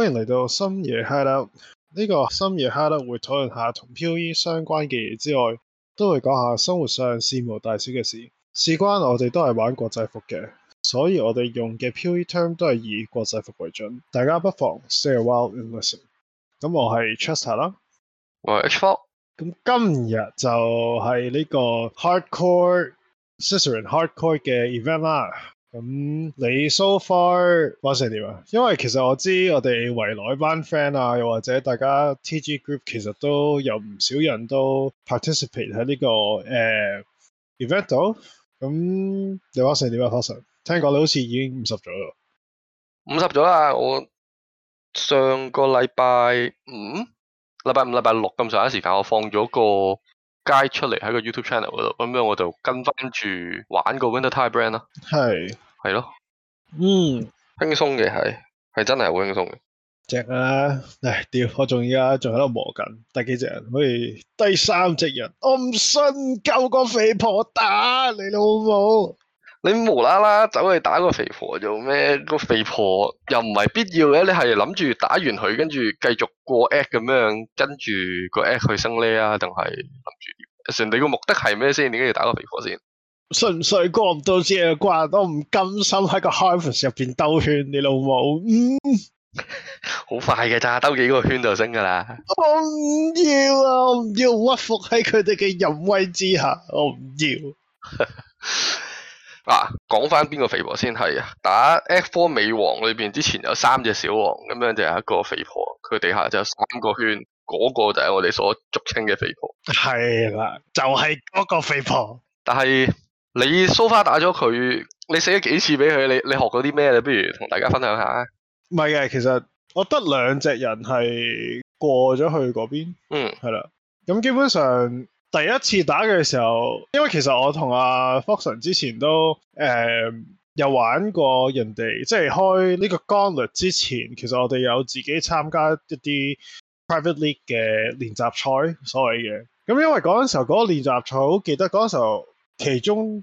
歡迎嚟到深夜 hideout。呢個深夜 hideout 會討論下同 PoE 相關嘅嘢之外，都會講下生活上事無大小嘅事。事關我哋都係玩國際服嘅，所以我哋用嘅 PoE term 都係以國際服為準。大家不妨 stay a while and listen。咁我係 Truster 啦，我係 H4。咁今日就係呢個 hardcore sister in hardcore 嘅 event 啦。咁、嗯、你 so far 玩成點啊？因為其實我知我哋圍內班 friend 啊，又或者大家 TG group 其實都有唔少人都 participate 喺呢、這個誒、呃、event 度、嗯。咁你玩成點啊 Prof 聽講你好似已經五十咗啦。五十咗啦，我上個禮拜五、禮拜五、禮拜六咁上下時間，我放咗個 guide 出嚟喺個 YouTube channel 嗰度，咁樣我就跟翻住玩個 Wintertide Brand 啦。係。係咯，嗯，輕鬆嘅係，係真係好輕鬆嘅只啊，唉，屌，我仲而家仲喺度磨緊第幾隻人？喂，第三隻人，我唔信，救個肥婆打你老母，你，你無啦啦走去打個肥婆做咩？個肥婆又唔係必要嘅，你係諗住打完佢，跟住繼續過 Act 咁樣，跟住個 Act 佢升呢啊？定係諗住？人哋個目的係咩先？你跟住打個肥婆先？純粹衰過唔到知啊！掛，都唔甘心喺個 Harvest 入邊兜圈，你老母，嗯，好 快嘅咋，兜幾個圈就升噶啦。我唔要啊！我唔要屈服喺佢哋嘅淫威之下，我唔要。嗱、 啊，講翻邊個肥婆先係啊？打 F4 美王裏邊之前有三隻小王，咁樣就係一個肥婆，佢地下就有三個圈，嗰、那個就係我哋所俗稱嘅肥婆。係啦，就係、是、嗰個肥婆。但係。你 so far 打咗佢，你死咗幾次俾佢？你你學過啲咩？你不如同大家分享下？唔係嘅，其實我得兩隻兩隻人係過咗去嗰邊，嗯，係啦。咁基本上第一次打嘅時候，因為其實我同阿 Foxon 之前都誒、嗯、有玩過人哋，即、就、係、是、開呢個 Gauntlet 之前，其實我哋有自己參加一啲 private league 嘅練習賽，所謂嘅。咁因為嗰陣時候嗰個練習賽，好記得嗰陣時候其中。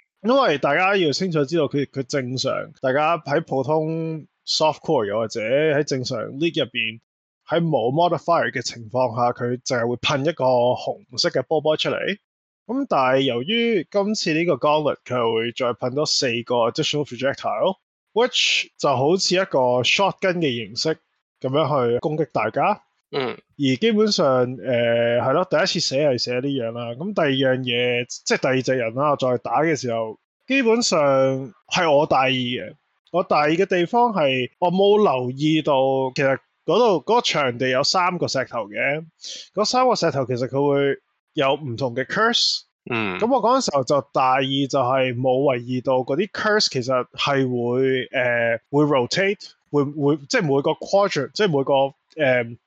因為大家要清楚知道佢佢正常，大家喺普通 soft core 或者喺正常 leg 入邊，喺冇 modifier 嘅情況下，佢淨係會噴一個紅色嘅波波出嚟。咁但係由於今次呢個 Gauntlet 佢會再噴多四個 additional projectile，which 就好似一個 shotgun 嘅形式咁樣去攻擊大家。嗯，而基本上，誒係咯，第一次寫係寫呢樣啦。咁、嗯、第二樣嘢，即係第二隻人啦，我再打嘅時候，基本上係我大意嘅。我大意嘅地方係我冇留意到，其實嗰度嗰個場地有三個石頭嘅。嗰、嗰個、三個石頭其實佢會有唔同嘅 curse。嗯，咁我嗰陣時候就大意就係冇為意到嗰啲 curse 其實係會誒、呃、會 rotate，會會即係每個 quadrant，即係每個誒。呃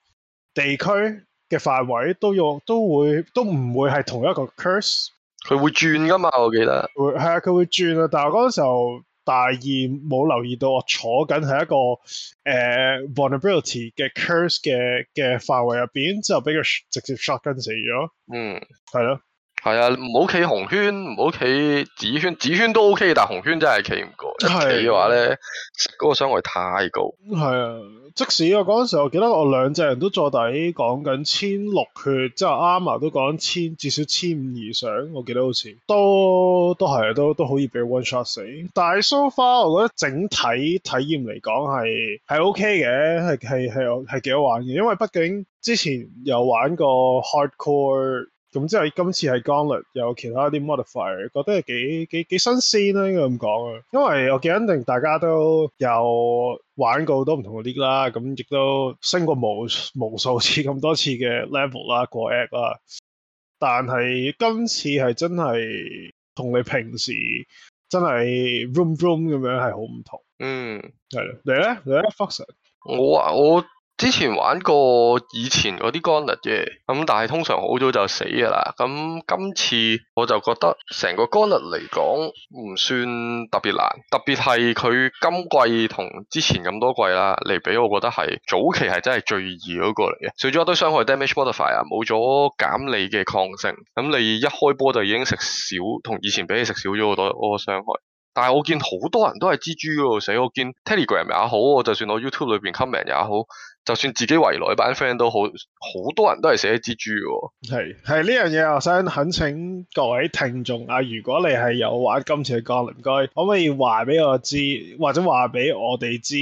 地區嘅範圍都要都會都唔會係同一個 curse，佢會轉噶嘛？我記得，係啊，佢會轉啊。但係我嗰陣時候大意冇留意到，我坐緊喺一個誒、uh, vulnerability 嘅 curse 嘅嘅範圍入邊，之後俾佢直接 shock 死咗。嗯，係咯、啊。係啊，唔好企紅圈，唔好企紫圈，紫圈都 OK，但係紅圈真係企唔過。即係、啊、話咧，嗰、嗰個傷害太高。係啊，即使我嗰陣時候，我記得我兩隻人都坐底講緊千六血，之後啱馬都講千至少千五以上，我記得好似都都係、啊、都都可以俾 one shot 死。但係 so far，我覺得整體體驗嚟講係係 OK 嘅，係係係係幾好玩嘅，因為畢竟之前又玩過 hardcore。咁之後今次係 Gauntlet 有其他啲 modifier，覺得係幾幾幾新鮮啦，應該咁講啊。因為我肯定大家都有玩過好多唔同嘅啲啦，咁亦都升過無無數次咁多次嘅 level 啦，過 app 啦。但係今次係真係同你平時真係 boom boom 咁樣係好唔同。嗯，係啦。你咧？你咧？Fox，我我。之前玩過以前嗰啲 Gauntlet 嘅，咁但係通常好早就死噶啦。咁今次我就覺得成個 Gauntlet 嚟講唔算特別難，特別係佢今季同之前咁多季啦，嚟比，我覺得係早期係真係最易嗰個嚟嘅。除咗一堆傷害 damage modifier 啊，冇咗減你嘅抗性，咁你一開波就已經食少，同以前比你食少咗好多嗰、嗰個傷害。但係我見好多人都係蜘蛛喎，寫我，我見 Telegram 也好，就算我 YouTube 裏邊 comment 也好，就算自己圍內呢班 friend 都好，好多人都係寫蜘蛛喎。係係呢樣嘢，我想懇請各位聽眾啊，如果你係有玩今次嘅 Gauntlet，唔該，可唔可以話俾我知，或者話俾我哋知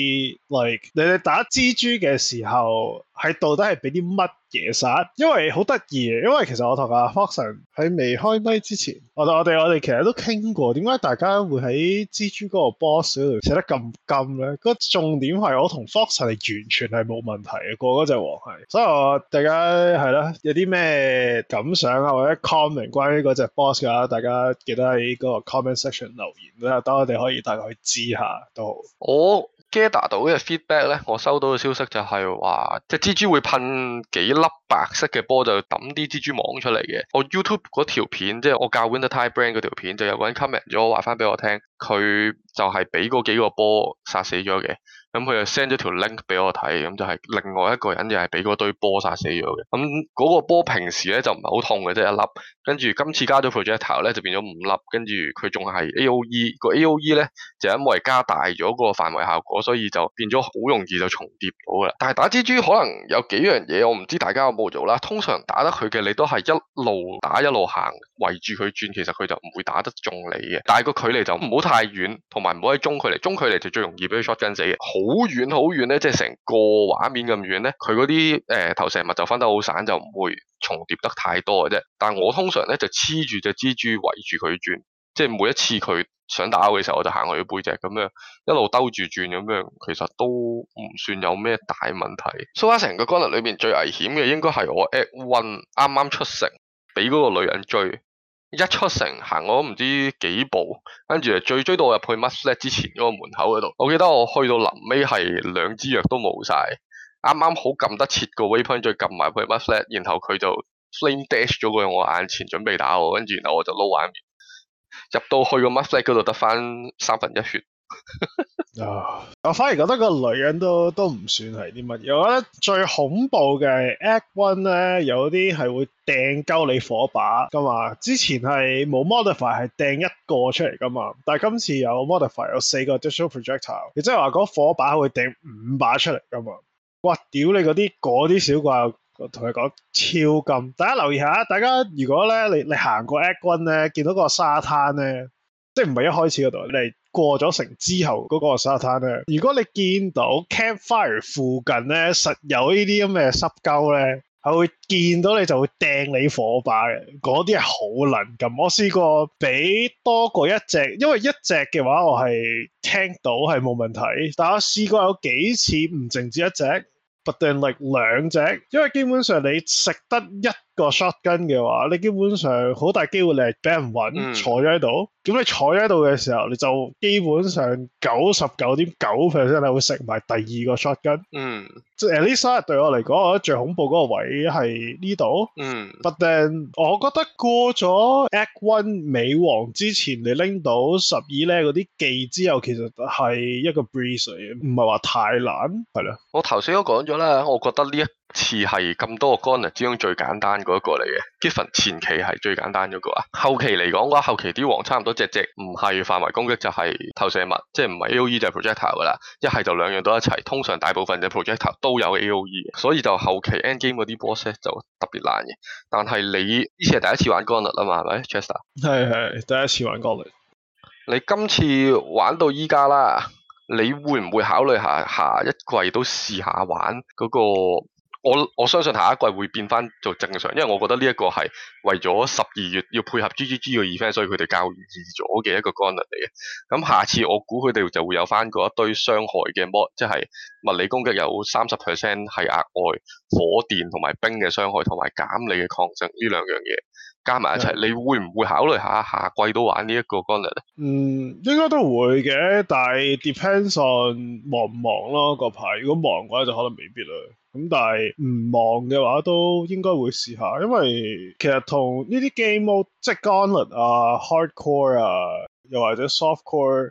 ，like 你哋打蜘蛛嘅時候，係到底係俾啲乜？其實因為好得意，因為其實我同阿 Foxon 喺未開咪之前，我我哋我哋其實都傾過，點解大家會喺蜘蛛嗰個 boss 度寫得咁金咧？個重點係我同 Foxon 係完全係冇問題嘅，嗰隻王係。所以我大家係啦，有啲咩感想啊或者 comment 關於嗰隻 boss 嘅話，大家記得喺嗰個 comment section 留言，等我哋可以大家去知下都。好。Oh. Get 到嘅 feedback 咧，我收到嘅消息就係話，即係蜘蛛會噴幾粒白色嘅波，就抌啲蜘蛛網出嚟嘅。我 YouTube 嗰條片，即係我教 Wintertide Brand 嗰條片，就有個人 comment 咗話翻俾我聽，佢就係俾嗰幾個波殺死咗嘅。咁佢、嗯嗯、就 send 咗條 link 俾我睇，咁就係另外一個人又係俾嗰堆波殺死咗嘅。咁、嗯、嗰、那個波平時咧就唔係好痛嘅，即係一粒。跟住今次加咗 projectile 咧，就變咗五粒。跟住佢仲係 A O E，個 A O E 咧就因為加大咗個範圍效果，所以就變咗好容易就重疊咗噶啦。但係打蜘蛛可能有幾樣嘢，我唔知大家有冇做啦。通常打得佢嘅你都係一路打一路行，圍住佢轉，其實佢就唔會打得中你嘅。但係個距離就唔好太遠，同埋唔好喺中距離，中距離就最容易俾佢 shotgun 死嘅。好遠好遠咧，即係成個畫面咁遠咧，佢嗰啲誒投射物就分得好散，就唔會重疊得太多嘅啫。但我通常咧就黐住隻蜘蛛圍住佢轉，即係每一次佢想打我嘅時候，我就行去佢背脊咁樣一路兜住轉咁樣，其實都唔算有咩大問題。所以話成個 Gauntlet 裏邊最危險嘅應該係我 at one 啱啱出城俾嗰個女人追。一出城行我都唔知幾步，跟住最追到我入去 Mud Flats 之前嗰個門口嗰度。我記得我去到臨尾係兩支藥都冇晒，啱啱好撳得切個 waypoint，再撳埋去 Mud Flats 然後佢就 flame dash 咗過我眼前，準備打我，跟住然後我就撈畫面入到去個 Mud Flats 嗰度得翻三分一血。 啊！我反而覺得個女人都都唔算係啲乜嘢。我覺得最恐怖嘅係 Act One 咧，有啲係會掟鳩你火把噶嘛。之前係冇 Modify 係掟一個出嚟噶嘛，但係今次有 Modify 有四個 Digital Projector，亦即係話嗰火把會掟五把出嚟噶嘛。哇！屌你嗰啲嗰啲小怪，我同你講超勁。大家留意下，大家如果咧你你行過 Act One 咧，見到個沙灘咧，即係唔係一開始嗰度你。過咗城之後嗰個沙灘咧，如果你見到 campfire 附近咧，實有呢啲咁嘅濕鳩咧，係會見到你就會掟你火把嘅，嗰啲係好能勁。我試過俾多過一隻，因為一隻嘅話我係聽到係冇問題，但我試過有幾次唔淨止一隻，不斷力兩隻，因為基本上你食得一。個 shot gun 嘅話，你基本上好大機會你係俾人搵、嗯、坐咗喺度。咁你坐咗喺度嘅時候，你就基本上九十九點九 percent 你會食埋第二個 shot gun。嗯，即係、so、at least 對我嚟講，我覺得最恐怖嗰個位係呢度。嗯，but then 我覺得過咗 act one 美王之前，你拎到十二咧嗰啲技之後，其實係一個 breeze 嚟嘅唔係話太難係啦。我頭先都講咗啦，我覺得呢一。似係咁多個 Gauntlet，之中最簡單嗰一個嚟嘅。Giffen 前期係最簡單嗰個啊，後期嚟講嘅話，後期啲王差唔多隻隻唔係範圍攻擊就係投射物，即係唔係 A O E 就係 projector 噶啦。一係就兩樣都一齊，通常大部分嘅 projector 都有 A O E，所以就後期 end game 嗰啲 boss 就特別難嘅。但係你呢次係第一次玩 Gauntlet 吖嘛，係咪？Chester 係係第一次玩 Gauntlet。你今次玩到依家啦，你會唔會考慮下下一季都試下玩嗰個？我我相信下一季會變翻做正常，因為我覺得呢一個係為咗十二月要配合、GG、GGG 嘅 effect，所以佢哋較易咗嘅一個 Gauntlet 嚟嘅。咁下次我估佢哋就會有翻嗰一堆傷害嘅 mod，即係物理攻擊有三十 percent 係額外火電同埋冰嘅傷害，同埋減你嘅抗性呢兩樣嘢加埋一齊。的你會唔會考慮下下季都玩呢一個 Gauntlet 咧？嗯，應該都會嘅，但係 depends on 忙唔忙咯。這個牌如果忙嘅話，就可能未必啦。咁但係唔忙嘅話，都應該會試下，因為其實同呢啲 game mode，即係 Gauntlet 啊、hardcore 啊，又或者 softcore，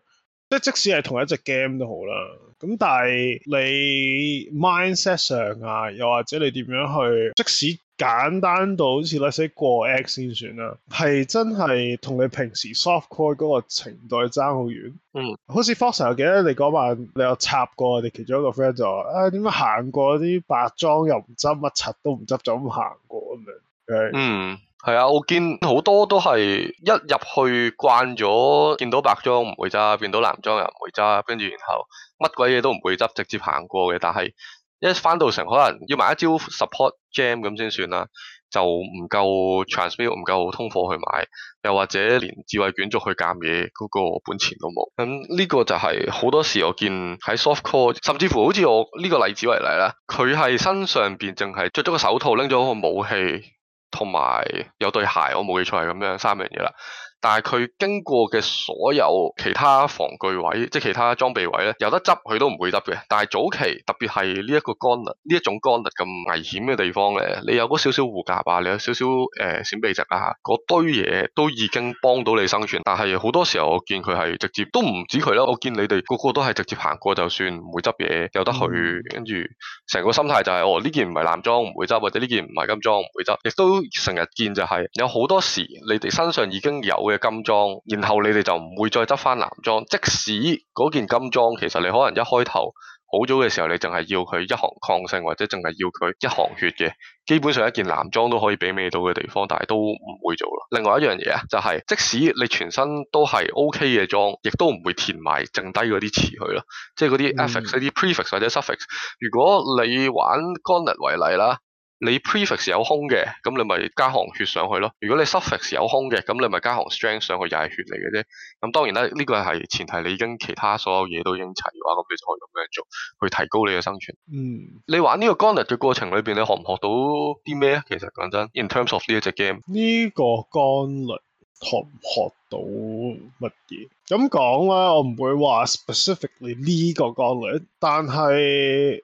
即係即使係同一隻 game 都好啦。咁但係你 mindset 上啊，又或者你點樣去，即使簡單到好似你寫過 X 先算啦，係真係同你平時 softcore 嗰個程度爭好遠。嗯，好似 Fox 啊，er，記得你講話，你有插過我哋其中一個 friend 就話，啊點樣行過啲白裝又唔執，乜柒都唔執就咁行過咁樣。Okay? 嗯，係啊，我見好多都係一入去慣咗，見到白裝唔會揸，見到藍裝又唔會揸。跟住然後乜鬼嘢都唔會執，直接行過嘅。但係一翻到城，可能要買一招 support gem 咁先算啦，就唔夠 transmute 唔夠通貨去買，又或者連智慧卷軸去鑑嘢嗰個本錢都冇。咁呢個就係、是、好多時我見喺 softcore，甚至乎好似我呢個例子為例啦，佢係身上邊淨係着咗個手套，拎咗個武器，同埋有對鞋，我冇記錯係咁樣三樣嘢啦。但係佢經過嘅所有其他防具位，即係其他裝備位咧，有得執佢都唔會執嘅。但係早期特別係呢一個 Gauntlet，呢一種 Gauntlet 咁危險嘅地方咧，你有嗰少少護甲啊，你有少少誒閃避值啊，嗰堆嘢都已經幫到你生存。但係好多時候我見佢係直接都唔止佢啦，我見你哋個個都係直接行過就算，唔會執嘢，有得去，跟住成個心態就係哦，呢件唔係男裝唔會執，或者呢件唔係金裝唔會執。亦都成日見就係有好多時你哋身上已經有。嘅金裝，然後你哋就唔會再執翻藍裝。即使嗰件金裝，其實你可能一開頭好早嘅時候，你淨係要佢一行抗性，或者淨係要佢一行血嘅，基本上一件藍裝都可以俾你到嘅地方，但係都唔會做咯。另外一樣嘢啊，就係、是、即使你全身都係 OK 嘅裝，亦都唔會填埋剩低嗰啲詞去咯，即係嗰啲 prefix 或者 suffix。如果你玩 Gauntlet 為例啦。你 prefix 有空嘅，咁你咪加行血上去咯。如果你 suffix 有空嘅，咁你咪加行 strength 上去，又係血嚟嘅啫。咁當然啦，呢個係前提你已經其他所有嘢都已經齊嘅話，咁你就可以咁樣做，去提高你嘅生存。嗯，你玩呢個 Gauntlet 嘅過程裏邊，你學唔學到啲咩啊？其實講真，in terms of 呢一隻 game，呢個 Gauntlet 學唔學到乜嘢？咁講啦，我唔會話 specifically 呢個 Gauntlet，但係。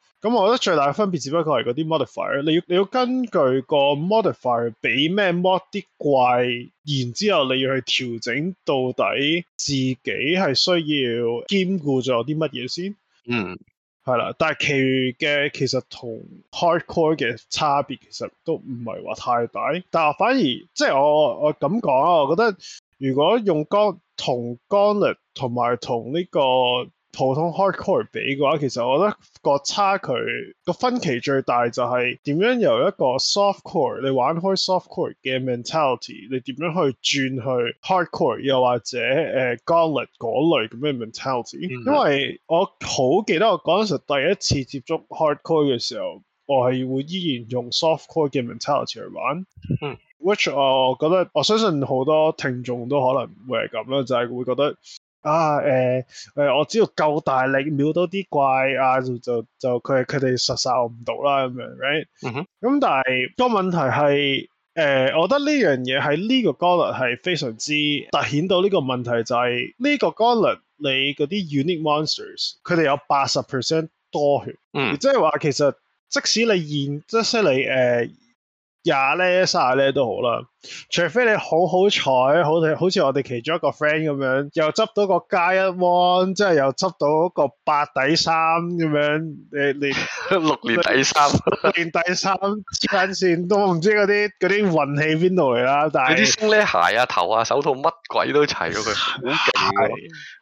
咁我覺得最大嘅分別只不過係嗰啲 modifier，你要你要根據個 modifier 俾咩 Mod 啲怪，然之後你要去調整到底自己係需要兼顧咗啲乜嘢先。嗯，係啦，但係其餘嘅其實同 hardcore 嘅差別其實都唔係話太大，但係反而即係我我咁講啊，我覺得如果用光同 Gauntlet 同埋同呢個。普通 hardcore 比嘅話，其實我覺得個差距、個分歧最大就係點樣由一個 softcore 你玩開 softcore 嘅 mentality，你點樣去轉去 hardcore 又或者誒、呃、Gauntlet 嗰類咁嘅 mentality。因為我好記得我嗰陣時第一次接觸 hardcore 嘅時候，我係會依然用 softcore 嘅 mentality 嚟玩、嗯，which、uh, 我覺得我相信好多聽眾都可能會係咁啦，就係、是、會覺得。啊誒誒、呃呃，我只要夠大力秒到啲怪啊，就就就佢佢哋殺殺我唔到啦咁樣，right？咁、mm hmm. 嗯、但係個問題係誒、呃，我覺得呢樣嘢喺呢個 Gauntlet 係非常之凸顯到呢個問題，就係呢個 Gauntlet 你嗰啲 unique monsters，佢哋有八十 percent 多血，嗯、mm，即係話其實即使你現即使你誒廿 level 卅 level 都好啦。除非你好好彩，好似好似我哋其中一個 friend 咁樣，又執到個加一 one，即係又執到嗰個八底衫咁樣，你你 六年底衫，連底衫之間線都唔知嗰啲嗰啲運氣邊度嚟啦。但係啲星咧鞋啊頭啊手套乜鬼都齊咗佢，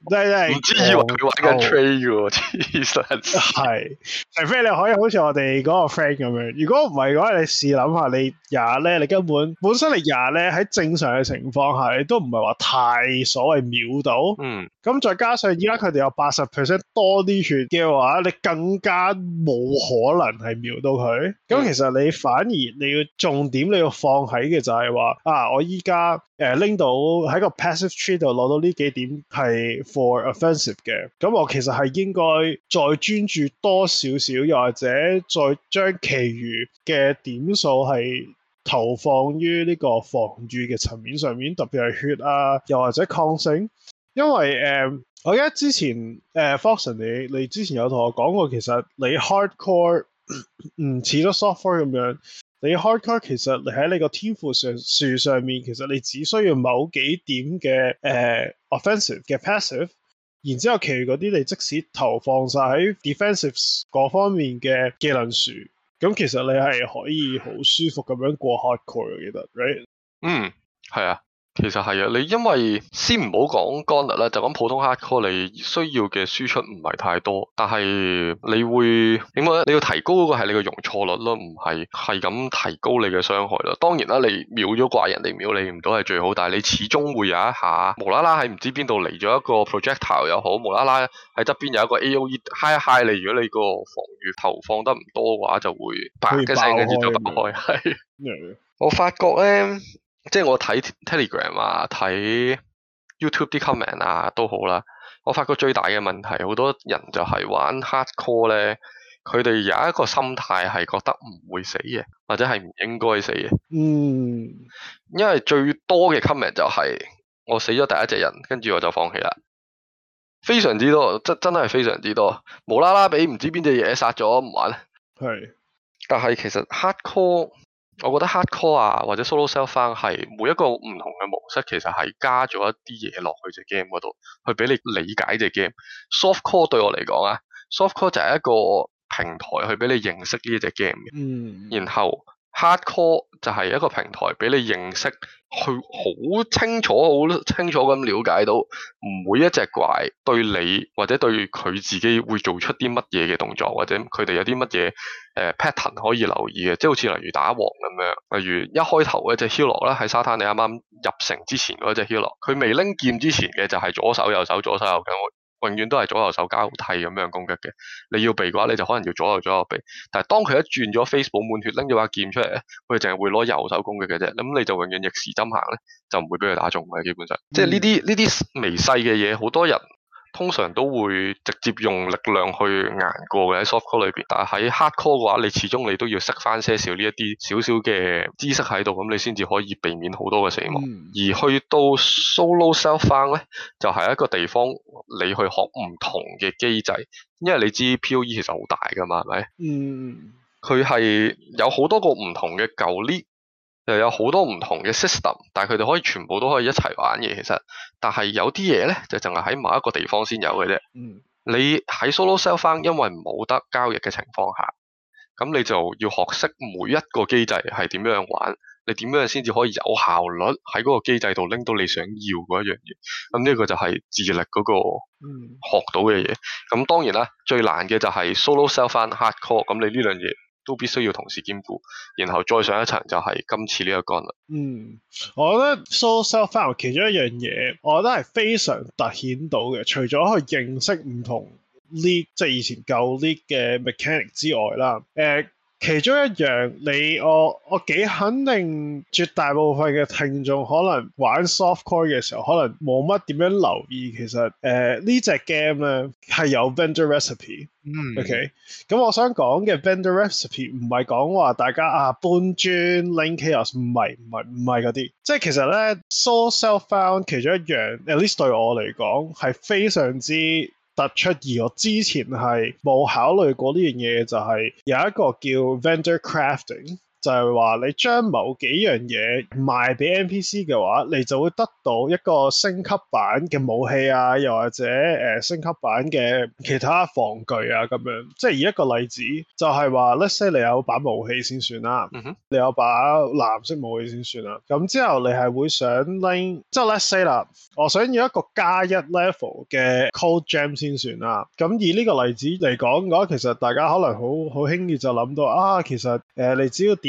真係唔知以為佢玩緊 trade 嘅、啊，其實係除非你可以好似我哋嗰個 friend 咁樣，如果唔係嘅話，你試諗下你廿咧，你根本你本身你本。你本來本來你呀！咧喺正常嘅情況下，你都唔係話太所謂秒到。嗯。咁再加上依家佢哋有八十 percent 多啲血嘅話，你更加冇可能係秒到佢。咁、嗯、其實你反而你要重點，你要放喺嘅就係話啊，我依家誒拎到喺個 passive tree 度攞到呢幾點係 for offensive 嘅。咁我其實係應該再專注多少少，又或者再將其餘嘅點數係。投放於呢個防禦嘅層面上面，特別係血啊，又或者抗性。因為誒、呃，我記得之前誒、呃、Foxon 你你之前有同我講過，其實你 hardcore 唔似 得 software 咁樣，你 hardcore 其實你喺你個天賦上樹上面，其實你只需要某幾點嘅誒、呃、offensive 嘅 passive，然之後其，其餘嗰啲你即使投放晒喺 defensive 嗰方面嘅技能樹。咁其實你係可以好舒服咁樣過下 Gauntlet 嘅，其實，right？嗯，係啊。其實係啊，你因為先唔好講干率咧，就咁普通 hardcore 你需要嘅輸出唔係太多，但係你會點講，你要提高嗰個係你嘅容錯率咯，唔係係咁提高你嘅傷害咯。當然啦，你秒咗怪人哋秒你唔到係最好，但係你始終會有一下無啦啦喺唔知邊度嚟咗一個 projectile 又好，無啦啦喺側邊有一個 A O E 嗨一嗨。你如果你個防禦投放得唔多嘅話，就會白嘅四嘅，月咗白開係。開我發覺咧。即係我睇 Telegram 啊，睇 YouTube 啲 comment 啊，都好啦。我發覺最大嘅問題，好多人就係玩 hardcore 咧，佢哋有一個心態係覺得唔會死嘅，或者係唔應該死嘅。嗯，因為最多嘅 comment 就係、是、我死咗第一隻人，跟住我就放棄啦。非常之多，真真係非常之多，無啦啦俾唔知邊隻嘢殺咗，唔玩啦。係是，但係其實 hardcore。我覺得 hard core 啊，或者 solo self found 係、啊、每一個唔同嘅模式，其實係加咗一啲嘢落去隻 game 嗰度，去俾你理解呢隻 game。soft core 對我嚟講啊，soft core 就係一個平台去俾你認識呢一隻 game 嘅，嗯、然後。Hardcore 就係一個平台，俾你認識，去好清楚、好清楚咁了解到每一隻怪對你或者對佢自己會做出啲乜嘢嘅動作，或者佢哋有啲乜嘢 pattern 可以留意嘅，即係好似例如打王咁樣。例如一開頭嗰隻 Hillock 啦，喺沙灘你啱啱入城之前嗰隻 Hillock，佢未拎劍之前嘅就係、是、左手右手左手右手。永遠都係左右手交替咁樣攻擊嘅，你要避嘅話，你就可能要左右左右避。但係當佢一轉咗 face，補滿血，拎咗把劍出嚟咧，佢淨係會攞右手攻擊嘅啫。咁你就永遠逆時針行咧，就唔會俾佢打中嘅。基本上，嗯、即係呢啲呢啲微細嘅嘢，好多人。通常都會直接用力量去硬過嘅喺 soft core 裏邊，但係喺 hard core 嘅話，你始終你都要識翻些少呢一啲少少嘅知識喺度，咁你先至可以避免好多嘅死亡。嗯、而去到 solo self fun 咧，就係、是、一個地方你去學唔同嘅機制，因為你知 POE 其實好大噶嘛，係咪？嗯，佢係有好多個唔同嘅舊 league。就有好多唔同嘅 system，但係佢哋可以全部都可以一齊玩嘅。其實，但係有啲嘢咧，就淨係喺某一個地方先有嘅啫。嗯。你喺 solo self-found，因為冇得交易嘅情況下，咁你就要學識每一個機制係點樣玩，你點樣先至可以有效率喺嗰個機制度拎到你想要嗰一樣嘢。咁呢一個就係自力嗰個學到嘅嘢。咁、嗯、當然啦，最難嘅就係 solo self-found hardcore。咁你呢兩樣嘢，都必須要同時兼顧，然後再上一層就係今次呢個功能。嗯，我覺得 so self found 其中一樣嘢，我覺得係非常凸顯到嘅，除咗去認識唔同 lead 即係以前舊 lead 嘅 mechanic 之外啦，誒、呃。其中一樣，你我我幾肯定，絕大部分嘅聽眾可能玩 soft core 嘅時候，可能冇乜點樣留意。其實誒、呃、呢隻 game 咧係有 vendor recipe。嗯。O、okay? K、嗯。咁我想講嘅 vendor recipe 唔係講話大家啊搬磚 link c h 唔係唔係唔係嗰啲。即係其實咧，soft cell found 其中一樣，at least 對我嚟講係非常之。突出，而我之前係冇考慮過呢樣嘢，就係有一個叫 vendor crafting。就係話你將某幾樣嘢賣俾 NPC 嘅話，你就會得到一個升級版嘅武器啊，又或者誒、呃、升級版嘅其他防具啊，咁樣即係以一個例子，就係、是、話 Let’s say 你有把武器先算啦，mm hmm. 你有把藍色武器先算啦。咁之後你係會想拎即係 Let’s say 啦，我想要一個加一 level 嘅 Cold Gem 先算啦。咁以呢個例子嚟講嘅話，其實大家可能好好輕易就諗到啊，其實誒、呃、你只要點？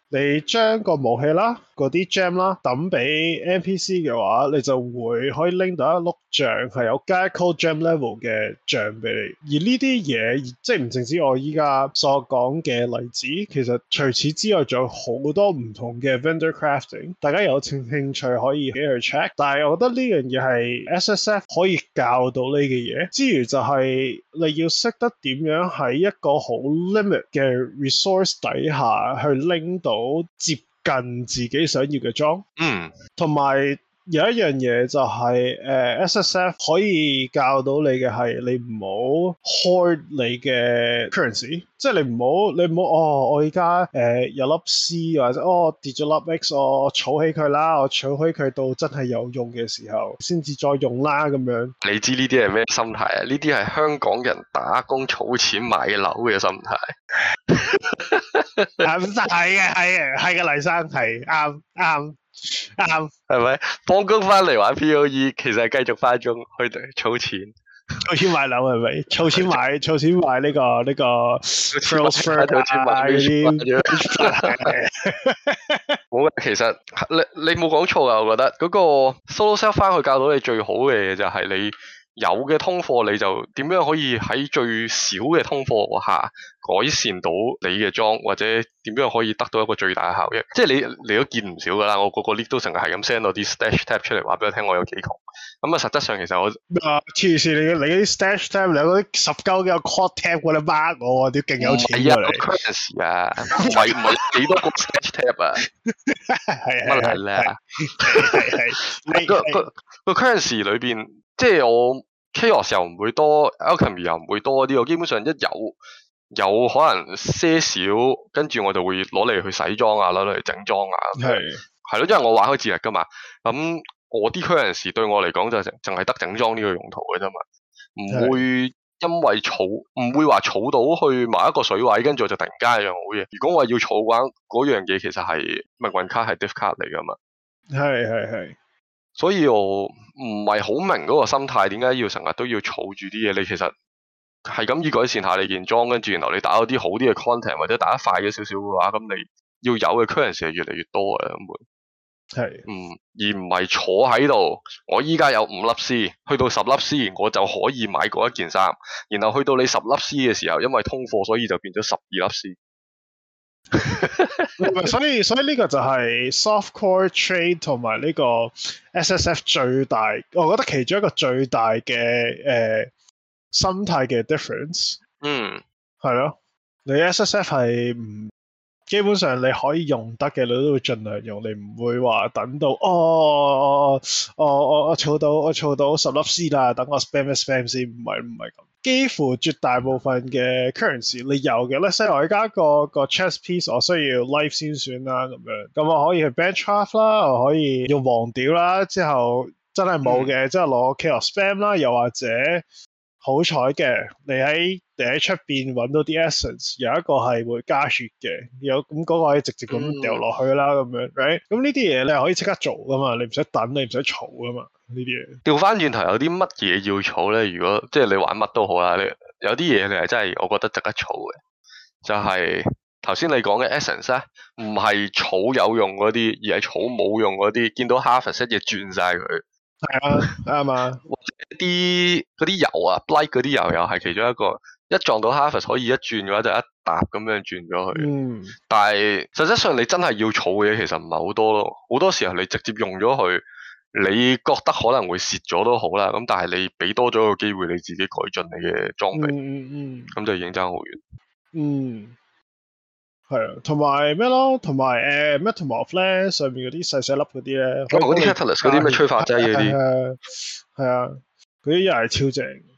你將個武器啦～嗰啲 gem 啦，抌俾 NPC 嘅話，你就會可以拎到一碌像係有 Gecko Gem Level 嘅像俾你。而呢啲嘢，即係唔淨止我依家所講嘅例子，其實除此之外仲有好多唔同嘅 Vendor Crafting，大家有興興趣可以去 check。但係我覺得呢樣嘢係 SSF 可以教到呢嘅嘢。之餘就係你要識得點樣喺一個好 limit 嘅 resource 底下去拎到接。近自己想要嘅裝，嗯，同埋，有一樣嘢就係，誒，SSF 可以教到你嘅係，就是，你唔好開你嘅 currency，即係你唔好，你唔好哦，我而家誒有粒 C 或者哦跌咗粒 X，我儲起佢啦，我儲起佢到真係有用嘅時候先至再用啦咁樣。你知呢啲係咩心態啊？呢啲係香港人打工儲錢買樓嘅心態。係嘅，係嘅，係嘅，黎生係啱啱。啱係咪放工翻嚟玩 PoE？其實係繼續翻鐘去儲錢，儲錢買樓係咪？儲錢買，儲錢買呢個呢個。哈哈哈哈哈！冇啊，其實你你冇講錯啊，我覺得嗰、嗰個 solo self 翻去教到你最好嘅就係你。有嘅通貨你就點樣可以喺最少嘅通貨下改善到你嘅裝，或者點樣可以得到一個最大嘅效益？即係你你都見唔少㗎啦，我個個 lift 都成日係咁 send 我啲 stash tab 出嚟，話俾我聽我有幾窮。咁、嗯、啊，實質上其實我啊，黐線你你啲 stash tab 兩啲十九嘅 cot tap，你 mark 我，我屌勁有錢嚟啊！currency 啊，唔係唔係幾多個 stash tab 啊？係乜嚟咧？係係你個個、那個 currency 裏邊。那個即係我 Chaos 又唔會多，Alchemy 又唔會多啲。我基本上一有有可能些少，跟住我就會攞嚟去洗裝啊，攞嚟整裝啊。係係咯，因為我玩開智力噶嘛。咁、嗯、我啲 currency 對我嚟講就淨係得整裝呢個用途嘅啫嘛，唔會因為儲唔會話儲到去埋一個水位，跟住就突然間一樣好嘢。如果我要儲嘅話，嗰樣嘢其實係命運卡係 Div 卡嚟噶嘛。係係係。所以我唔係好明嗰個心態，點解要成日都要儲住啲嘢？你其實係咁意改善下你件裝，跟住然後你打到啲好啲嘅 content，或者打得快咗少少嘅話，咁你要有嘅 currency 係越嚟越多嘅，咁會係的嗯，而唔係坐喺度。我依家有五粒 C，去到十粒 C，我就可以買嗰一件衫。然後去到你十粒 C 嘅時候，因為通貨，所以就變咗十二粒 C。 所以，所以呢個就係 softcore trade 同埋呢個 SSF 最大，我覺得其中一個最大嘅誒、呃、心態嘅 difference。嗯，係咯，你 SSF 係唔？基本上你可以用得嘅，你都會盡量用，你唔會話等到哦哦哦我我我儲到我儲到十粒 C 啦，等我 sp spam spam 先，唔係唔係咁。幾乎絕大部分嘅 currency 你有嘅，咧，我而家個個 chest piece 我需要 life 先算啦，咁樣咁我可以去 bench craft 啦，我可以用黃屌啦，之後真係冇嘅，即係攞 chaos spam 啦，又或者好彩嘅，你喺～喺出邊揾到啲 essence，有一個係會加血嘅，有咁嗰、嗰個可以直接咁掉落去啦，咁樣、嗯、，right？咁呢啲嘢你可以即刻做噶嘛，你唔使等，你唔使儲噶嘛，呢啲嘢。調翻轉頭有啲乜嘢要儲咧？如果即係你玩乜都好啦，你有啲嘢你係真係我覺得即刻儲嘅，就係頭先你講嘅 essence 啊，唔係儲有用嗰啲，而係儲冇用嗰啲，見到 harvest 嘢轉晒佢，係啊，啱啊，啲啲 油啊，black 嗰啲油又係其中一個。一撞到 harvest 可以一轉嘅話就一踏咁樣轉咗佢、嗯，但係實際上你真係要儲嘅嘢其實唔係好多咯，好多時候你直接用咗佢，你覺得可能會蝕咗都好啦，咁但係你俾多咗個機會你自己改進你嘅裝備、嗯，咁、嗯、就已經爭好遠。嗯，係啊，同埋咩咯，同埋誒、uh, Metamorph 咧上邊嗰啲細細粒嗰啲咧，我覺得 catalyst 嗰啲咩？催化劑嗰啲，係啊，嗰啲又係超正。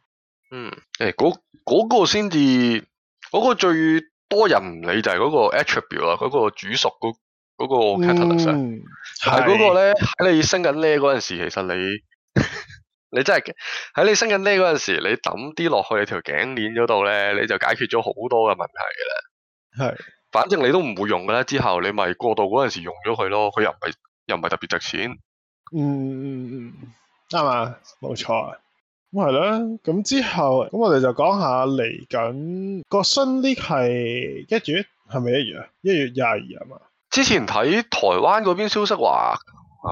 嗯，誒，嗰、那、嗰個先至，嗰、那個最多人唔理就係、是、嗰個 attribute 啊，嗰、那個主屬個嗰個 catalyst，係嗰、嗯、個咧喺的你升緊 level 嗰陣時，其實你 你真係喺你升緊 level 嗰陣時，你抌啲落去條頸鏈嗰度咧，你就解決咗好多嘅問題嘅啦。係的，反正你都唔會用噶啦，之後你咪過度嗰陣時用咗佢咯，佢又唔係又唔係特別值錢。嗯嗯嗯，啱嘛，冇錯。咁係啦，咁、嗯啊、之後咁我哋就講下嚟緊個新 date 係一月，係咪一月啊？一月廿二啊嘛。之前睇台灣嗰邊消息話啊，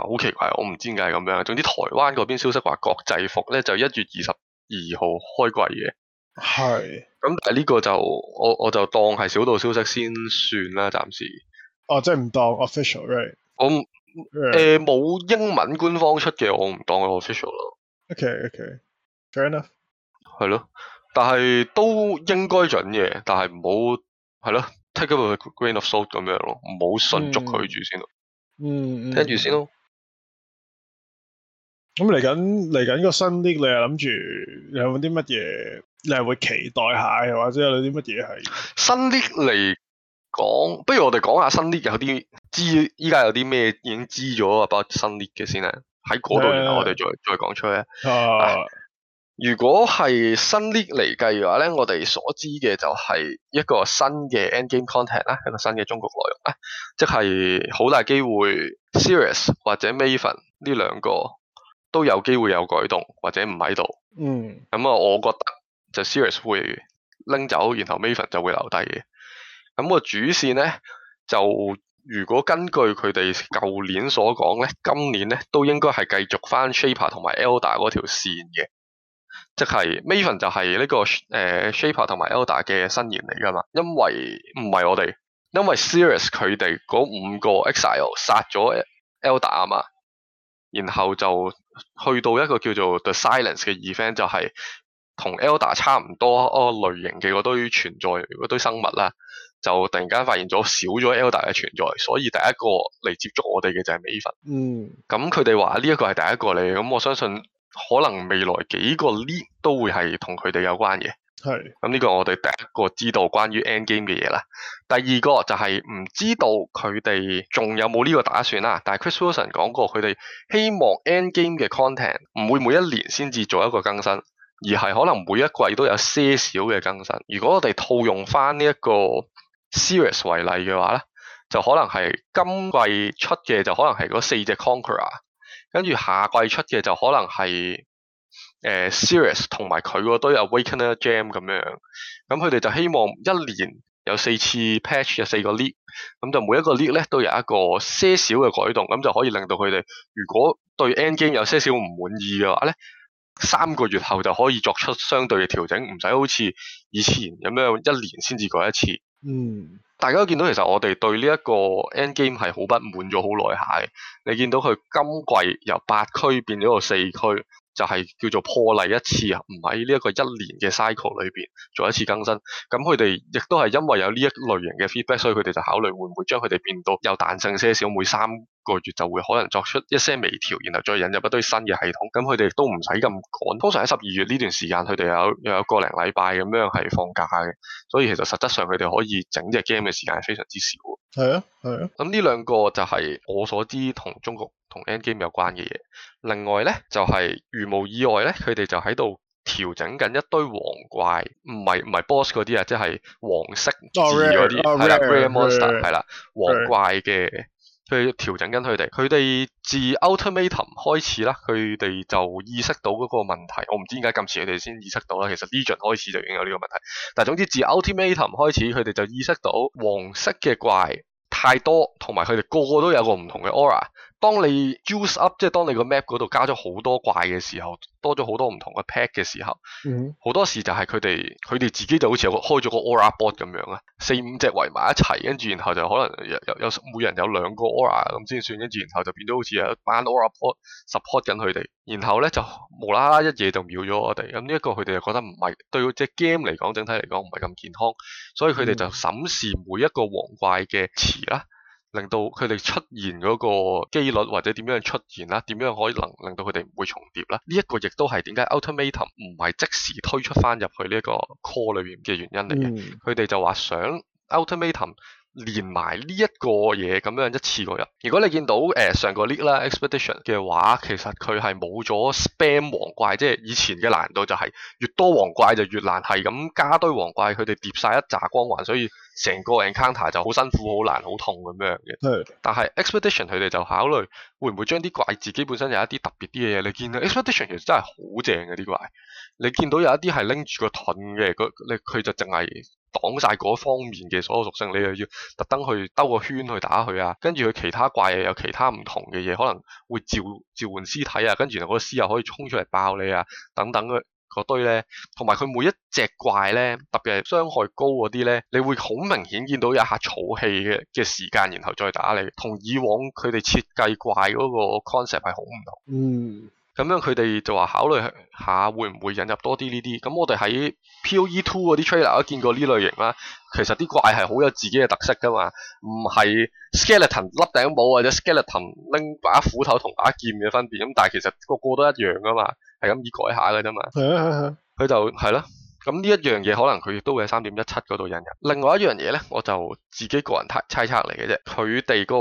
好奇怪，我唔知點解係咁樣。總之台灣嗰邊消息話國際服咧就一月二十二號開季嘅，係咁。但係呢個就我我就當係小道消息先算啦，暫時哦，即係唔當 official right 我誒冇 Right.、呃、英文官方出嘅，我唔當係 official 咯。okay, okay 夠唔夠？係咯，但係都應該準嘅，但係唔好係咯，take up a grain of salt 咁樣咯，唔好信足佢住先咯。嗯，聽住先咯。咁嚟緊嚟緊個新 league，你又諗住你有冇啲乜嘢？你係會期待下，又或者有啲乜嘢係新 league 嚟講？不如我哋講下新 league，有啲知，依家有啲咩已經知咗啊？包括新 league 嘅先啊，喺嗰度然後我哋再再講出咧。啊。如果係新 league 嚟計嘅話咧，我哋所知嘅就係一個新嘅 end game content 啦，一個新嘅終局內容啦，即係好大機會 Sirus 或者 Maven 呢兩個都有機會有改動或者唔喺度。嗯，咁啊、嗯，我覺得就 Sirus 會拎走，然後 Maven 就會留低嘅。咁、嗯、個主線咧，就如果根據佢哋舊年所講咧，今年咧都應該係繼續翻 Shaper 同埋 Elder 嗰條線嘅。即係 Maven 就係呢、這個誒、呃、Shaper 同埋 Elder 嘅新言嚟噶嘛？因為唔係我哋，因為 Sirus 佢哋嗰五個 Exile 殺咗 Elder 啊嘛，然後就去到一個叫做 The Silence 嘅 event，就係同 Elder 差唔多一個類型嘅個堆存在，個堆生物啦，就突然間發現咗少咗 Elder 嘅存在，所以第一個嚟接觸我哋嘅就係 Maven。嗯，咁佢哋話呢一個係第一個嚟，咁我相信。可能未來幾個 lead 都會係同佢哋有關嘅是，係咁呢個我哋第一個知道關於 Endgame 嘅嘢啦。第二個就係唔知道佢哋仲有冇呢個打算啦、啊。但係 Chris Wilson 講過，佢哋希望 Endgame 嘅 content 唔會每一年先至做一個更新，而係可能每一季都有些少嘅更新。如果我哋套用翻呢一個 series 為例嘅話咧，就可能係今季出嘅就可能係嗰四隻 Conqueror。跟住下季出嘅就可能係誒、呃、Sirius 同埋佢嗰堆有 Awakened Gem 咁樣，咁佢哋就希望一年有四次 patch 有四個 league，咁就每一個 league 咧都有一個些少嘅改動，咁就可以令到佢哋如果對 endgame 有些少唔滿意嘅話咧，三個月後就可以作出相對嘅調整，唔使好似以前咁樣一年先至改一次。嗯。大家都見到，其實我哋對呢一個 end game 係好不滿咗好耐下嘅。你見到佢今季由八區變咗個四區。就係叫做破例一次啊！唔喺呢一個一年嘅 cycle 裏邊做一次更新。咁佢哋亦都係因為有呢一類型嘅 feedback，所以佢哋就考慮會唔會將佢哋變到有彈性些少，每三個月就會可能作出一些微調，然後再引入一堆新嘅系統。咁佢哋都唔使咁趕。通常喺十二月呢段時間，佢哋有又有個零禮拜咁樣係放假嘅，所以其實實質上佢哋可以整隻 game 嘅時間係非常之少。係啊，係啊。咁呢兩個就係我所知同中國。同 Endgame 有關嘅嘢，另外咧就係、是、如無意外咧，佢哋就喺度調整緊一堆黃怪，唔係唔係 boss 嗰啲啊，即係黃色字嗰啲係啦，Rare Monster 係啦 Ray，黃怪嘅佢調整緊佢哋。佢哋自 Ultimatum 開始啦，佢哋就意識到嗰個問題。我唔知點解咁遲佢哋先意識到啦。其實 Legion 開始就已經有呢個問題，但係總之自 Ultimatum 開始，佢哋就意識到黃色嘅怪太多，同埋佢哋個個都有個唔同嘅 Aura。當你 juice up，即係當你個 map 嗰度加咗好多怪嘅時候，多咗好多唔同嘅 pack 嘅時候，嗯、好多時就係佢哋佢哋自己就好似開咗個 aura board 咁樣啊，四五隻圍埋一齊，跟住然後就可能有有，有，有每人有兩個 aura 咁先算，跟住然後就變咗好似有一班 aura board support 緊佢哋，然後咧就無啦啦一嘢就秒咗我哋，咁呢一個佢哋就覺得唔係對隻 game 嚟講整體嚟講唔係咁健康，所以佢哋就審視每一個黃怪嘅詞啦。嗯嗯令到佢哋出現嗰個機率，或者點樣出現啦、啊？點樣可以能令到佢哋唔會重疊啦。呢、這、一個亦都係點解 Ultimatum 唔係即時推出翻入去呢一個 Core 裏邊嘅原因嚟嘅。佢哋、嗯、就話想 Ultimatum、um。連埋呢一個嘢，咁樣一次過入。如果你見到誒、呃、上個 league 啦，expedition 嘅話，其實佢係冇咗 spam 王怪，即係以前嘅難度就係越多王怪就越難，係咁加堆王怪，佢哋疊晒一紮光環，所以成個 encounter 就好辛苦、好難、好痛咁樣嘅。是但係 expedition 佢哋就考慮會唔會將啲怪自己本身有一啲特別啲嘅嘢。你見到 expedition 其實真係好正嘅啲怪，你見到有一啲係拎住個盾嘅，佢佢就淨係。擋晒嗰方面嘅所有屬性，你又要特登去兜個圈去打佢啊，跟住佢其他怪又有其他唔同嘅嘢，可能會召召喚屍體啊，跟住嗰個屍又可以衝出嚟爆你啊，等等嗰嗰堆咧，同埋佢每一隻怪咧，特別係傷害高嗰啲咧，你會好明顯見到有一下儲氣嘅嘅時間，然後再打你，同以往佢哋設計怪嗰個 concept 係好唔同。嗯。咁樣佢哋就話考慮下會唔會引入多啲呢啲？咁我哋喺 Poe Two 嗰啲 trailer 都見過呢類型啦。其實啲怪係好有自己嘅特色噶嘛，唔係 Skeleton 笠頂帽或者 Skeleton 拎把斧頭同把劍嘅分別。咁但係其實個個都一樣噶嘛，係咁易改下嘅啫嘛。佢 就係咯。咁呢一樣嘢可能佢都會喺三點一七嗰度引入。另外一樣嘢咧，我就自己個人猜猜測嚟嘅啫。佢哋個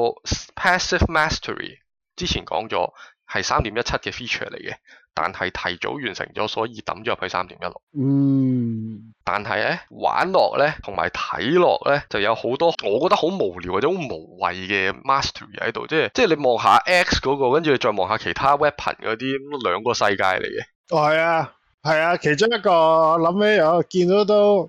Passive Mastery 之前講咗。係三點一七嘅 feature 嚟嘅，但係提早完成咗，所以抌咗入去三點一六。嗯。但係咧玩落咧，同埋睇落咧，就有好多我覺得好無聊或者好無謂嘅 master 喺度，即係即係你望下 X 嗰、那個，跟住再望下其他 weapon 嗰啲，兩個世界嚟嘅。哦，係啊，係啊，其中一個諗起有見到都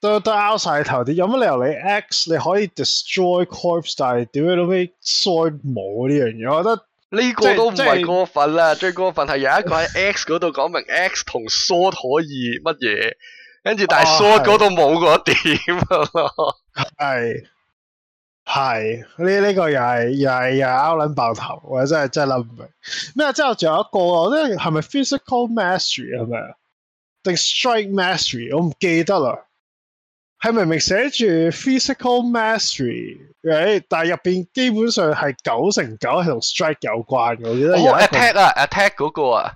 都都 out 晒頭啲，有乜理由你 X 你可以 destroy corpse 但係屌你老味碎冇呢樣嘢？我覺得。呢個都唔係過分啦，即最過分係有一個喺 X 嗰度講明 X 同、啊、short 可以乜嘢，跟住但係 short 嗰度冇個點咯，係係呢呢個又係又係又 out 撚爆頭，我真係真係諗唔明咩？之後仲有一個啊，即係係咪 Physical Mastery 係咪定 Strike Mastery？我唔記得啦。係明明寫住 physical mastery，但係入邊基本上係九成九係同 strike 有關嘅。我記得而家 attack 啊，attack 嗰個啊，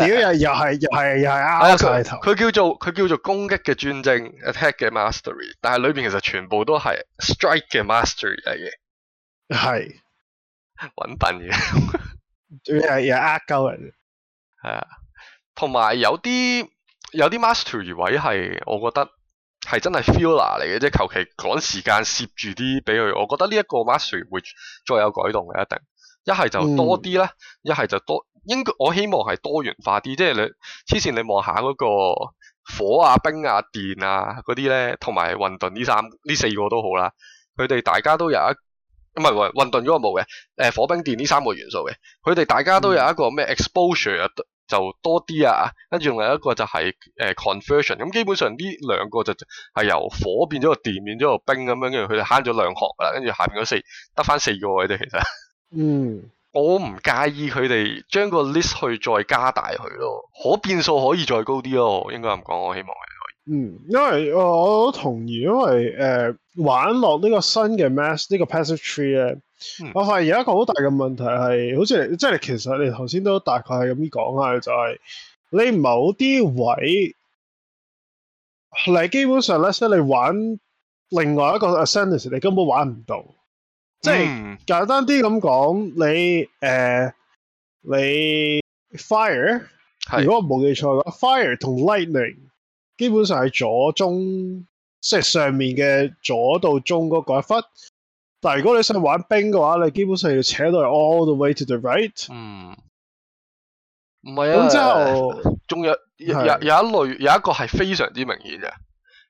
屌又又係又係又係 out 頭。佢叫做佢叫做攻擊嘅專精，attack 嘅 mastery，但係裏邊其實全部都係 strike 嘅 mastery 嚟嘅，係搵笨嘅，最緊又呃鳩人。係啊，同埋有啲有啲 mastery 位係，我覺得。係真係 filler 嚟嘅，即係求其趕時間攝住啲俾佢。我覺得呢一個 mastery 會再有改動嘅一定，一係就多啲啦，一係、嗯、就多應該我希望係多元化啲。即係你黐線，你望下嗰個火啊、冰啊、電啊嗰啲咧，同埋混沌呢三呢四個都好啦。佢哋大家都有一唔係混混沌嗰個冇嘅，誒火、冰、電呢三個元素嘅，佢哋大家都有一個咩 exposure 啊？就多啲啊，跟住仲有一個就係、是、誒、呃、conversion，咁、嗯、基本上呢兩個就係由火變咗個電，變咗個冰咁樣，跟住佢哋慳咗兩行啦，跟住下邊嗰四得翻四個嘅啫，其實。嗯，我唔介意佢哋將個 list 去再加大佢咯，可變數可以再高啲咯，應該咁講，我希望係。嗯，因為我我都同意，因為誒、呃、玩落呢個新嘅 mass 呢個 p a s、嗯、s a g e tree 咧，我發現有一個好大嘅問題係，好似即係其實你頭先都大概係咁講啊，就係、是、你某啲位，你基本上咧即係你玩另外一個 ascendancy，你根本玩唔到，嗯、即係簡單啲咁講，你誒、呃、你 fire 是如果我冇記錯啦，fire 同 lightning。基本上係左中，即係上面嘅左到中嗰個一忽。但係如果你想玩兵嘅話，你基本上要扯到去 all the way to the right。嗯，唔係啊，咁之後仲有有有,有,有一類有一個係非常之明顯嘅，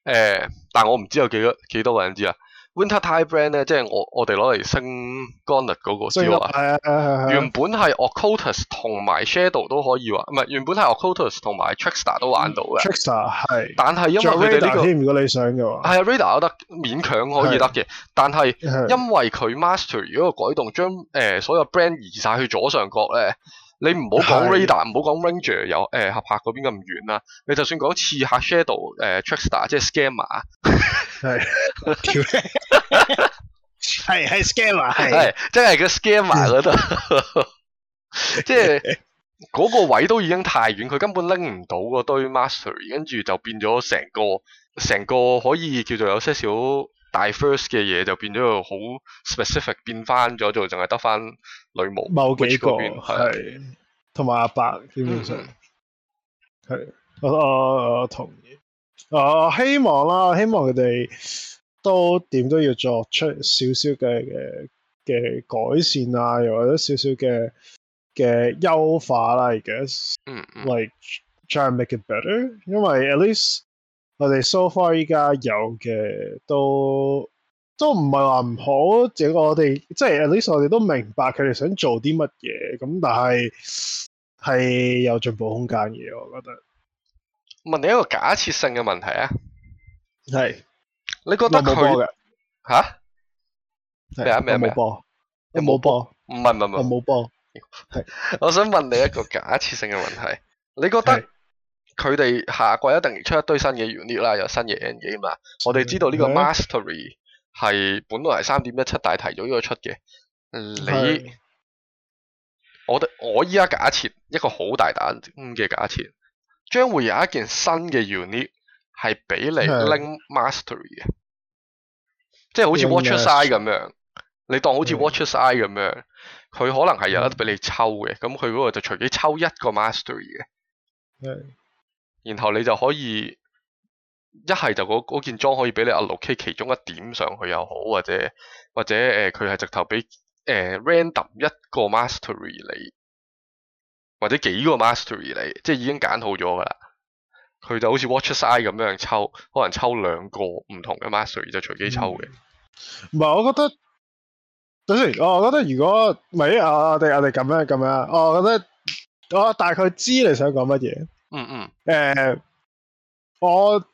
誒的，但我唔知有幾多幾多個人知啊。Wintertide Brand 咧，即、就、係、是、我我哋攞嚟升 Gauntlet 嗰個先話，原本係 Oculus 同埋 Shadow 都可以話，唔係原本係 Oculus 同埋 Trickster 都玩到嘅。Trickster 係、嗯，但係因為佢哋呢個唔理想嘅話，係啊，Radar 我得勉強可以得嘅，但係因為佢 Mastery 嗰個改動將誒、呃、所有 brand 移晒去左上角咧。你唔好講 radar 唔好講 ranger，有、呃、誒合拍嗰邊咁遠啦。你就算講刺客 shadow，誒、呃、trickster，即係 scammer，係條係 scammer，係真係個 scammer 嗰度，即係嗰個位都已經太遠，佢根本拎唔到個堆 master，跟住就變咗成個成個可以叫做有些少。diverse 嘅嘢就變咗好 specific，變翻咗就淨係得翻女巫，某幾個，係同埋阿伯基本上，係、嗯、我我，我同意，啊希望啦，希望佢哋都點都要作出少少嘅嘅嘅改善啊，又或者少少嘅嘅優化啦、啊，而家 like try and make it better，因為 at least。我哋 so far 依家有嘅都都唔係話唔好，整個我哋即係 at least，我哋都明白佢哋想做啲乜嘢，咁但係係有進步空間嘅，我覺得。問你一個假設性嘅問題啊，係是你覺得佢吓咩啊咩啊咩啊，有冇播，播？唔係唔係唔係，我冇播。係，我， 是我想問你一個假設性嘅問題，你覺得？佢哋下季一定出一堆新嘅 unit 啦，有新嘅 NG 嘅嘛。我哋知道呢個 mastery 係、mm hmm. 本來係三點一七大提早呢個出嘅。你我哋我依家假設一個好大膽嘅假設，將會有一件新嘅 unit 係俾你拎 mastery 嘅，mm hmm. 即係好似 watcher's eye 咁樣。你當好似 watcher's eye 咁樣，佢可能係有得俾你抽嘅，咁佢嗰個就隨機抽一個 mastery 嘅。Mm hmm. 然後你就可以一係就嗰件裝可以俾你 allocate 其中一點上去又好，或者或者誒佢係直頭俾誒 random 一個 mastery 你，或者幾個 mastery 你，即係已經揀好咗噶啦。佢就好似 Watcher's Eye 咁樣抽，可能抽兩個唔同嘅 mastery 就隨機抽嘅。唔係，我覺得等於我覺得如果咪，我我哋我哋咁樣咁樣，我覺得我大概知你想講乜嘢。嗯嗯，誒、mm hmm. uh，我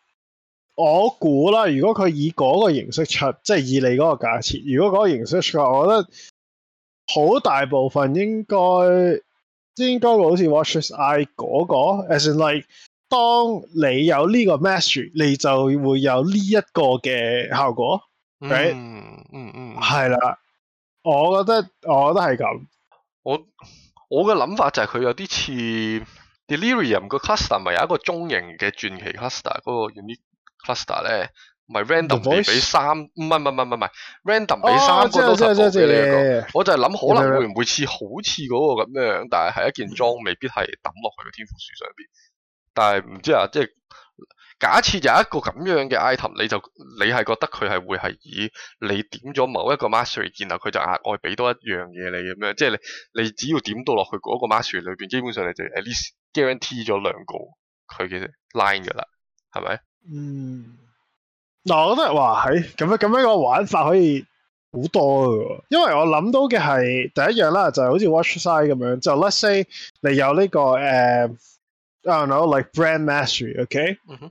我估啦，如果佢以嗰個形式出，即係以你嗰個價錢，如果嗰個形式出，我覺得好大部分應該應該好似 Watcher's eye、那、嗰個，as in like，當你有呢個 message，你就會有呢一個嘅效果，嗯嗯嗯，係、right? mm hmm. 啦，我覺得，我覺得係咁，我我嘅諗法就係佢有啲似。Delirium 個 cluster 咪有一個中型嘅傳奇 cluster, cluster，嗰個 unique cluster 咧，咪 random 俾三，唔係，唔係，唔係，唔係，random 俾三個都十個嘅呢一個，我就係諗可能會唔會似好似嗰個咁樣，但係係一件裝未必係抌落去個天賦樹上邊，但係唔知啊，即係。假設有一個咁樣嘅 item，你就你係覺得佢係會係以你點咗某一個 mastery 然後，佢就額外俾多一樣嘢你咁樣，即係你你只要點到落去嗰個 mastery 裏邊，基本上你就 at least guarantee 咗兩個佢嘅 line 噶啦，係咪？嗯，嗱、呃，我覺得話喺咁樣咁樣個玩法可以好多嘅，因為我諗到嘅係第一樣啦，就係、是、好似 Watcher's eye 咁樣，就 let’s say 你有呢、這個誒、uh,，I don’t know like brand mastery，OK？、Okay? 嗯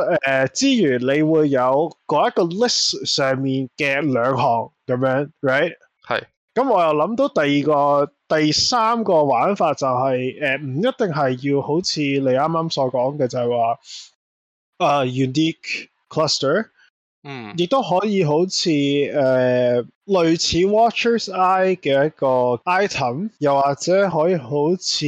誒，之餘你會有嗰一個 list 上面嘅兩行咁樣，right？係是。咁我又諗到第二個、第三個玩法就係、是，誒、呃、唔一定係要好似你啱啱所講嘅，就係話，啊 unique cluster，嗯，亦都可以好似誒、uh, 類似 Watcher's Eye 嘅一個 item，又或者可以好似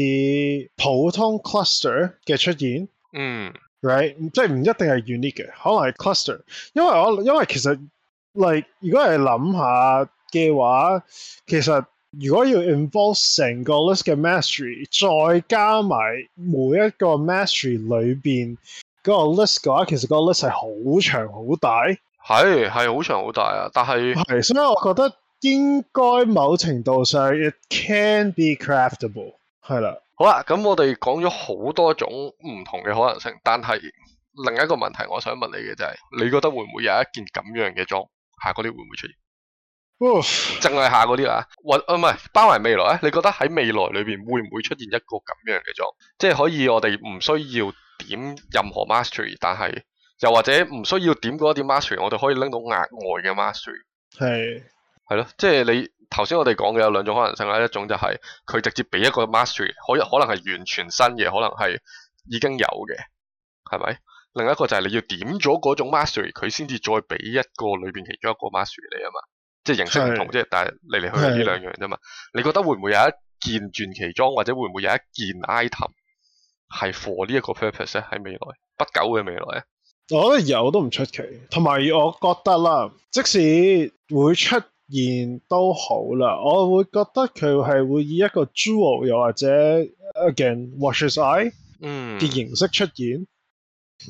普通 cluster 嘅出現，嗯。right 即係唔一定係 unique 嘅，可能係 cluster。因為我因為其實 l、like，如果係諗下嘅話，其實如果要 involve 成個 list 嘅 mastery 再加埋每一個 mastery 裏邊嗰個 list 嘅話，其實個 list 係好長好大，係係好長好大啊。但係係所以我覺得應該某程度上，it can be craftable 係啦。好啦，咁我哋講咗好多種唔同嘅可能性，但係另一個問題，我想問你嘅就係、是，你覺得會唔會有一件咁樣嘅裝下嗰啲會唔會出現？哦，淨係下嗰啲啊？或唔係包埋未來咧、啊？你覺得喺未來裏邊會唔會出現一個咁樣嘅裝？即係可以我哋唔需要點任何 mastery，但係又或者唔需要點嗰一點 mastery，我哋可以拎到額外嘅 mastery。係係咯，即係你。頭先我哋講嘅有兩種可能性，一種就係佢直接俾一個 mastery，可可能係完全新嘅，可能係已經有嘅，係咪？另一個就係你要點咗嗰種 mastery，佢先至再俾一個裏邊其中一個 mastery 你啊嘛，即係形式唔同即啫，是但嚟嚟去去呢是兩樣啫嘛。你覺得會唔會有一件傳奇裝或者會唔會有一件 item 係 for 呢一個 purpose 咧？喺未來不久嘅未來咧，我覺得有都唔出奇。同埋我覺得啦，即使會出。現都好啦，我會覺得佢係會以一個 jewel 又或者 again Watcher's eye 嘅形式出現，嗯、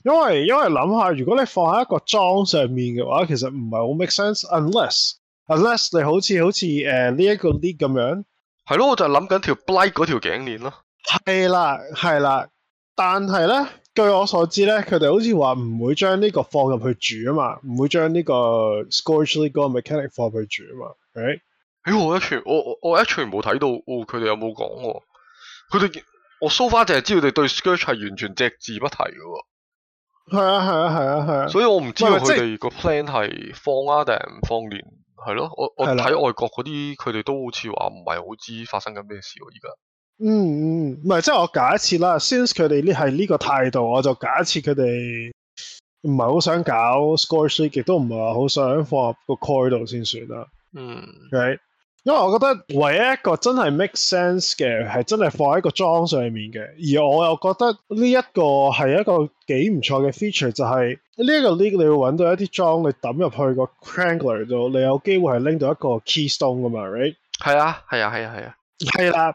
因為因為諗下如果你放喺一個裝上面嘅話，其實唔係好 make sense。unless unless 你好似好似誒呢一個 lead 咁樣，係咯，我就諗緊條 black 嗰條頸鏈咯，係啦係啦，但係咧。據我所知咧，佢哋好似話唔會將呢個放入去煮啊嘛，唔會將呢個 Scourge league 嗰個 mechanic 放入去煮啊嘛。誒、right? 欸，哎我一全我我一全冇睇到，佢、哦、哋有冇講喎？佢哋我 so far 淨係知佢哋對 Scourge 係完全隻字不提嘅喎。係啊係啊係啊係啊！啊啊啊啊所以我唔知道佢哋個 plan 係放啊定唔放年係咯。我我睇外國嗰啲，佢哋、啊、都好似話唔係好知發生緊咩事喎而家。嗯嗯，唔係，即係我假設啦。Since 佢哋呢係呢個態度，我就假設佢哋唔係好想搞 score sheet，亦都唔係話好想放入個 coin 度先算啦。嗯，right。因為我覺得唯一一個真係 make sense 嘅係真係放喺個裝上面嘅。而我又覺得呢一個係一個幾唔錯嘅 feature，就係呢一個 league 你會搵到一啲裝你抌入去個 crangler 度，你有機會係拎到一個 keystone 噶嘛。Right？係啊，係啊，係啊，係啊，係啦。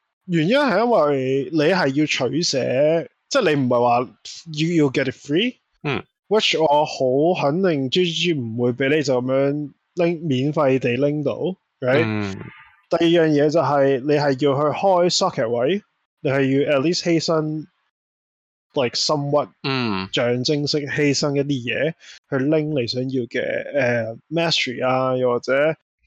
原因係因為你係要取捨，即係你唔係話 you you get it free。嗯、mm.，which 我好肯定 G G 唔會俾你就咁樣拎免費地拎到。嗯、right?。Mm. 第二樣嘢就係你係要去開 socket 位，你係要 at least 犧牲，like somewhat 嗯象徵式犧牲一啲嘢、mm. 去拎你想要嘅誒、uh, mastery 啊，又或者。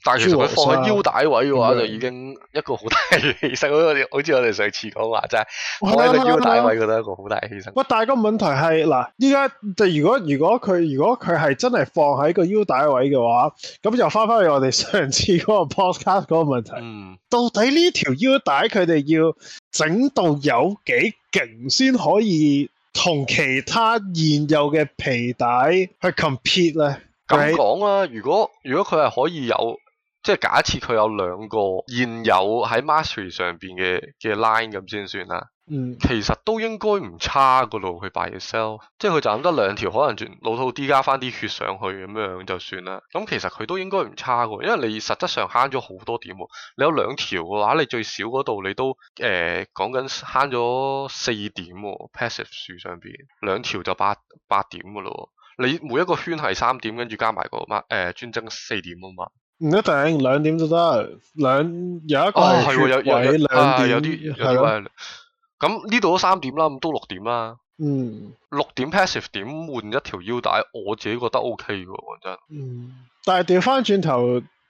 但係佢放喺腰帶位嘅話，就已經一個好大嘅犧牲。嗯、 好似我哋上次講話，真係放喺腰帶位，覺得一個好大嘅犧牲。喂、嗯嗯嗯嗯嗯，但係個問題係嗱，依家就如果如果佢如果佢係真係放喺個腰帶位嘅話，咁就翻翻去我哋上次嗰個 podcast 嗰個問題。嗯、到底呢條腰帶佢哋要整到有幾勁先可以同其他現有嘅皮帶去 compete 咧？咁講啦，如果如果佢係可以有。即係假設佢有兩個現有喺 mastery 上邊嘅嘅 line 咁先算啦，嗯、其實都應該唔差嗰度去 buy sell，即係佢就咁得兩條，可能老套 D 加翻啲血上去咁樣就算啦。咁其實佢都應該唔差嘅，因為你實質上慳咗好多點。你有兩條嘅話，你最少嗰度你都誒、呃、講緊慳咗四點 passive 樹上邊兩條就八八點嘅咯。你每一個圈係三點，跟住加埋個乜誒、呃、專精四點啊嘛。唔一定，兩點就得，兩有一個係、哦、有有,有,有兩點啊，有啲係咁呢度都三點啦，咁都六點啦。的嗯，六、啊、點 passive 點換、嗯、pass 一條腰帶，我自己覺得 OK 嘅，講真。嗯，但係調翻轉頭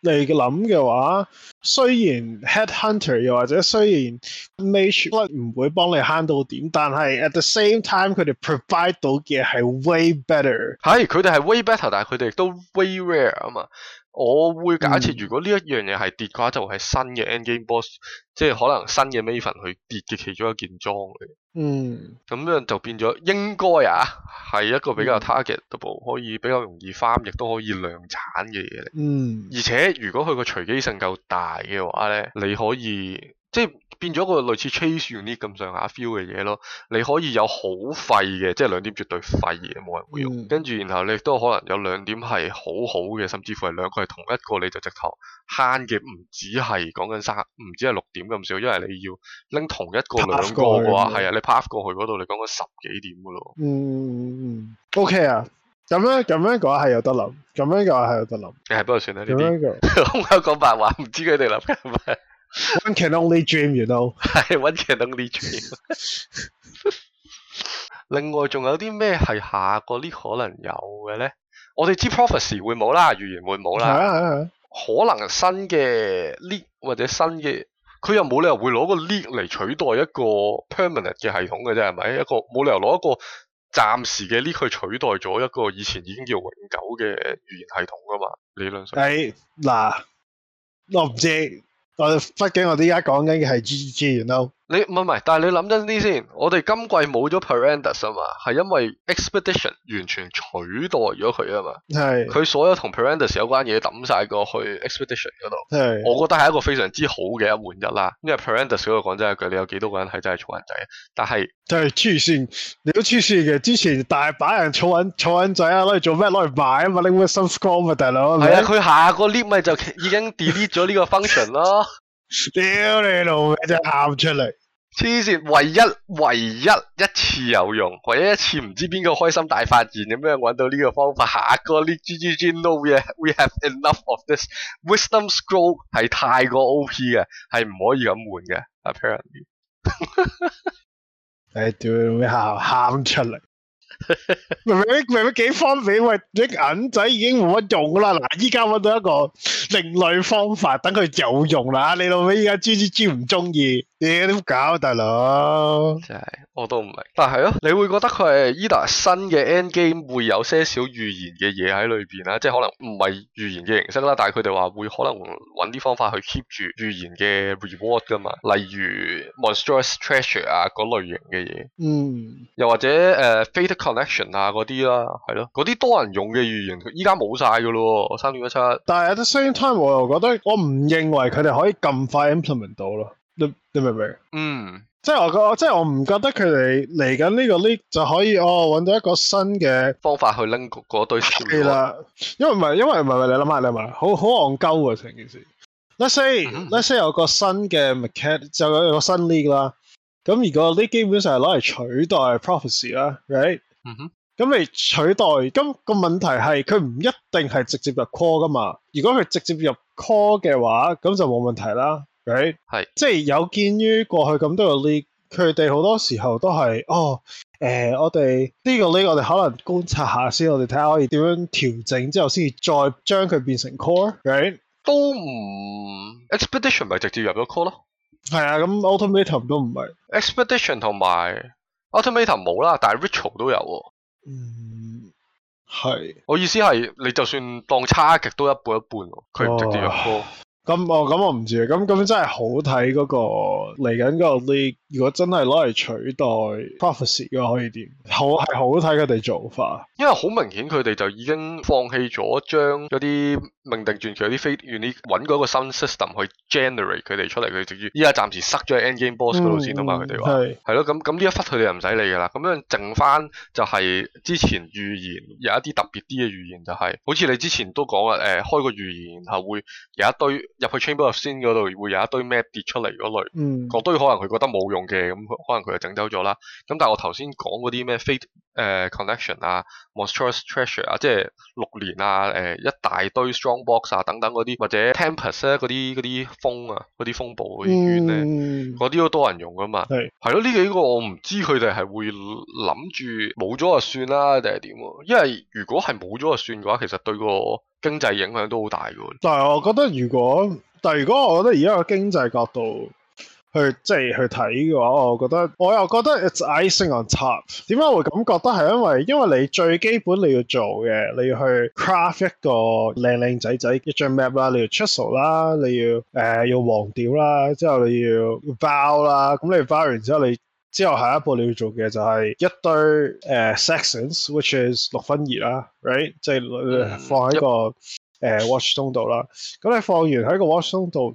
嚟諗嘅話，雖然 head hunter 又或者雖然 mage 唔會幫你慳到點，但係 at the same time 佢哋 provide 到嘅係 way better。係、嗯，佢哋係 way better，但係佢哋亦都 way rare 啊嘛。我會假設如果呢一樣嘢係跌嘅話，就係新嘅 Endgame boss，即係可能新嘅 Maven 去跌嘅其中一件裝嚟。嗯，咁樣就變咗應該啊，係一個比較 targetable，可以比較容易翻，亦都可以量產嘅嘢嚟。嗯，而且如果佢個隨機性夠大嘅話咧，你可以。即係變咗個類似 chase unit 咁上下 feel 嘅嘢咯，你可以有好廢嘅，即係兩點絕對廢嘢冇人會用。跟住、嗯、然後你亦都可能有兩點係好好嘅，甚至乎係兩個係同一個你就直頭慳嘅，唔止係講緊三，唔止係六點咁少，因為你要拎同一個兩個嘅話，係啊，你 path 過去嗰度你講緊十幾點嘅咯。嗯 o、okay、k 啊，咁樣咁樣講係有得諗，咁樣講係有得諗，係、那個、不過算啦呢啲。空口講白話，唔知佢哋諗緊係咪。 One can only dream，you know。One can only dream, you know? can only 另外，仲有啲咩係下個 league 呢？可能有嘅咧。我哋知 prophecy 會冇啦，預言會冇啦。啊啊、可能新嘅 league 或者新嘅，佢又冇理由會攞個 league 嚟取代一個 permanent 嘅系統嘅啫，係咪？一個冇理由攞一個暫時嘅 league 去取代咗一個以前已經叫永久嘅預言系統噶嘛？理論上，誒、哎，嗱，我唔知。我畢竟我哋而家講緊嘅係資資源咯。你唔係唔係？但係你諗真啲先想想，我哋今季冇咗 Perandus 啊嘛，係因為 Expedition 完全取代咗佢啊嘛。係佢是的 所有同 Perandus 有關嘢抌晒過去 Expedition 嗰度。係，是的 我覺得係一個非常之好嘅一換一啦。因為 Perandus 嗰、嗰個講真一句，你有幾多個人係真係儲人仔？但係，對黐線，你都黐線嘅。之前大把人儲人儲人仔啊，攞嚟做咩？攞嚟買啊嘛？拎個 Southcore 咪大佬？係啊，佢的看下個 league 咪就已經 delete 咗呢個 function 咯。 屌你老味，真係喊出嚟！黐線，唯一唯一一次有用，唯一一次唔知邊個開心大發現點樣揾到呢個方法。下一個呢？G G G，no we we have enough of this wisdom scroll，係太過 O P 嘅，係唔可以咁換嘅。Apparently，你屌你老味，喊喊出嚟！ 明明？明明？幾方便？喂，啲銀仔已經冇乜用啦。嗱，而家搵到一個另類方法，等佢有用啦。你老味，而家豬豬豬唔鍾意。你都搞，大佬真係，我都唔明。但係咯，你會覺得佢係 Elder 新嘅 Endgame 會有些少預言嘅嘢喺裏邊啊？即係可能唔係預言嘅形式啦，但係佢哋話會可能揾啲方法去 keep 住預言嘅 reward 噶嘛？例如 Monstrous Treasure 啊，嗰類型嘅嘢。嗯。又或者誒、uh，Fate Connection 啊，嗰啲啦，係咯，嗰啲多人用嘅預言，佢依家冇晒噶咯，三點一七。但係 at the same time，我又覺得我唔認為佢哋可以咁快 implement 到咯。你你明唔明？嗯，即係我覺，即係我唔覺得佢哋嚟緊呢個 league 就可以哦，搵到一個新嘅方法去拎嗰堆錢。係啦，因為唔係，因為唔係，你諗下，你諗下，好好戇鳩啊，成件事。Let’s say，Let’s、嗯、say 有個新嘅 market 就有一個新 league 啦。咁如果呢基本上係攞嚟取代 prophecy 啦，right？咁嚟、嗯嗯、取代，咁、那個問題係佢唔一定係直接入 call 噶嘛。如果佢直接入 call 嘅話，咁就冇問題啦。係，Right? 是即係有見於過去咁多個 league，佢哋好多時候都係哦，誒、呃，我哋呢個呢個，這個、我哋可能觀察下先，我哋睇下可以點樣調整之後，先至再將佢變成 core，right? 都唔 expedition 咪直接入咗 core 咯？係啊，咁 Ultimatum 都唔係 expedition 同埋 Ultimatum 冇啦，但係 ritual 都有啊。嗯，係。我意思係，你就算當差極都一半一半，佢唔直接入 core。Oh. .咁我咁我唔知啊，咁咁真係好睇嗰個嚟緊個 League，如果真係攞嚟取代 Prophecy 嘅話，可以點？好係好睇佢哋做法，因為好明顯佢哋就已經放棄咗將嗰啲。命定轉，佢有啲飛，要你揾嗰個新 system 去 generate 佢哋出嚟。佢直接依家暫時塞咗喺 endgame boss 嗰度先啊嘛，佢哋話係咯，咁咁呢一忽佢哋又唔使理噶啦。咁樣剩翻就係之前預言有一啲特別啲嘅預言，就是，就係好似你之前都講啊，誒、呃、開個預言，然後會有一堆入去 Chamber of Sin 嗰度會有一堆咩跌出嚟嗰類。嗯，個堆可能佢覺得冇用嘅，咁可能佢就整走咗啦。咁但係我頭先講嗰啲咩誒、uh, connection 啊，Monstrous Treasure 啊，即係六年啊，誒、uh，一大堆 strong box 啊，等等嗰啲，或者 tempest 啲、啊、嗰啲風啊，嗰啲風暴嗰啲醫院咧，嗰啲、嗯、都多人用噶嘛。係係咯，呢幾個我唔知佢哋係會諗住冇咗就算啦定係點？因為如果係冇咗就算嘅話，其實對個經濟影響都好大噶。但係我覺得如果，但係如果我覺得而家個經濟角度。去即係去睇嘅話，我覺得我又覺得 it's icing on top。點解會咁覺得係因為因為你最基本你要做嘅，你要去 craft 一個靚靚仔仔一張 map 啦，你要 chisel 啦，你要誒用、呃、黃調啦，之後你要包啦，咁你包完之後你之後下一步你要做嘅就係一堆誒、uh, right? 就是 uh, sextants which is 六分儀啦，right，即係放喺個誒 watchstone 度啦。咁你放完喺個 watchstone 度。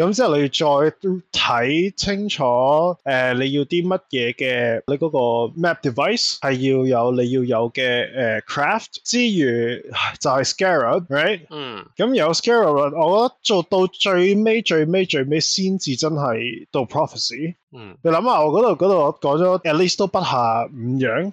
咁之後你要再睇清楚，誒、呃，你要啲乜嘢嘅？你嗰個 Map Device 係要有你要有嘅誒、呃、Craft，之餘就係 Scarab，right？嗯。咁、mm. 有 Scarab，我覺得做到最尾最尾最尾先至真係到 Prophecy。嗯、mm.。你諗下，我嗰度嗰度講咗，at least 都不下五樣。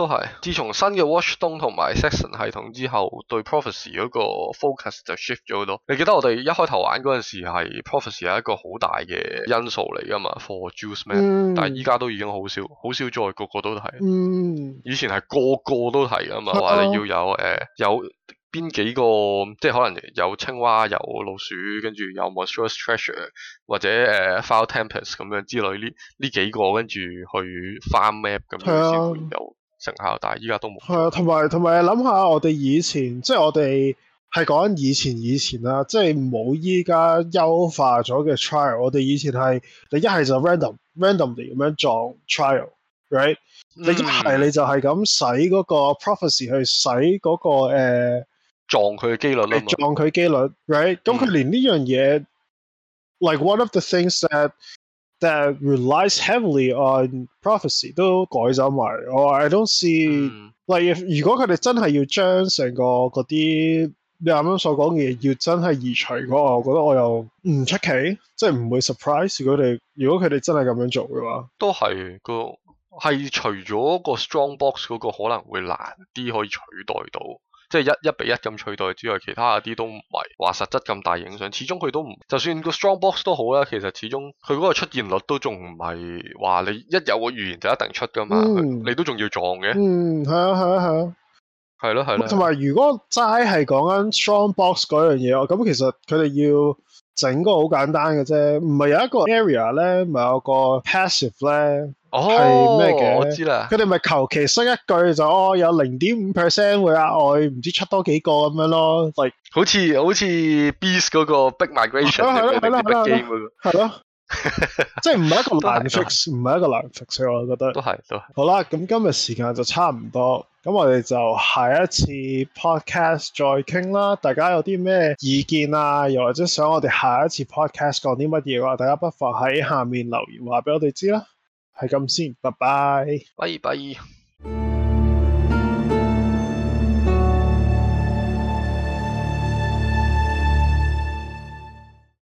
都係。自從新嘅 Watchstone 同埋 Sextant 系統之後，對 Prophecy 嗰個 focus 就 shift 咗好多。你記得我哋一開頭玩嗰陣時，係 Prophecy 係一個好大嘅因素嚟噶嘛？For juice map 但係依家都已經好少，好少再個個都提。嗯、以前係個個都提噶嘛，話你要有誒、呃、有邊幾個，即係可能有青蛙、有老鼠，跟住有 Monstrous Treasure 或者誒、uh, File Tempest 咁樣之類呢呢幾個，跟住去 farm map 咁樣先、嗯、會有。成效，但係依家都冇。係啊，同埋同埋，諗下我哋以前，即係我哋係講以前以前啦，即係冇依家優化咗嘅 trial。我哋以前係你一係就 random randomly 咁樣撞 trial，right？你一係、嗯、你就係、係、咁使嗰個 prophecy 去使嗰、嗰個、呃、撞佢嘅機率啊撞佢機率，right？咁佢、嗯、連呢樣嘢，like one of the things that 但係 relies heavily on prophecy 都改走埋。我，I don't see, like if 如果佢哋真係要將成個嗰啲你啱啱所講嘅嘢要真係移除嘅話，我覺得我又唔出奇，即係唔會 surprise 佢哋。如果佢哋真係咁樣做嘅話，都係個係除咗個 strong box 嗰個可能會難啲可以取代到。即係一一比一咁取代之外，其他啲都唔係話實質咁大影響，始終佢都唔，就算個 Strongbox 都好啦，其實始終佢嗰個出現率都仲唔係話你一有個預言就一定出噶嘛、嗯。你都仲要撞嘅。嗯，係啊，係啊，係啊，係咯、啊，係咯、啊。同埋、啊、如果齋係講緊 Strongbox 嗰樣嘢，我咁其實佢哋要整個好簡單嘅啫，唔係有一個 area 咧，咪有個 passive 咧。哦，係咩嘅？我知啦，佢哋咪求其塞一句就哦，有零點五 percent 會額外唔知出多幾個咁樣咯 like 好似好似 Beast 嗰個 Big Migration 嗰啲咁嘅 game 係咯，即係唔係一個難食，唔係一個難食，所以我覺得都係都係好啦。咁今日時間就差唔多，咁我哋就下一次 podcast 再傾啦。大家有啲咩意見啊？又或者想我哋下一次 podcast 講啲乜嘢話？大家不妨喺下面留言話俾我哋知啦。係咁先，拜拜，拜拜。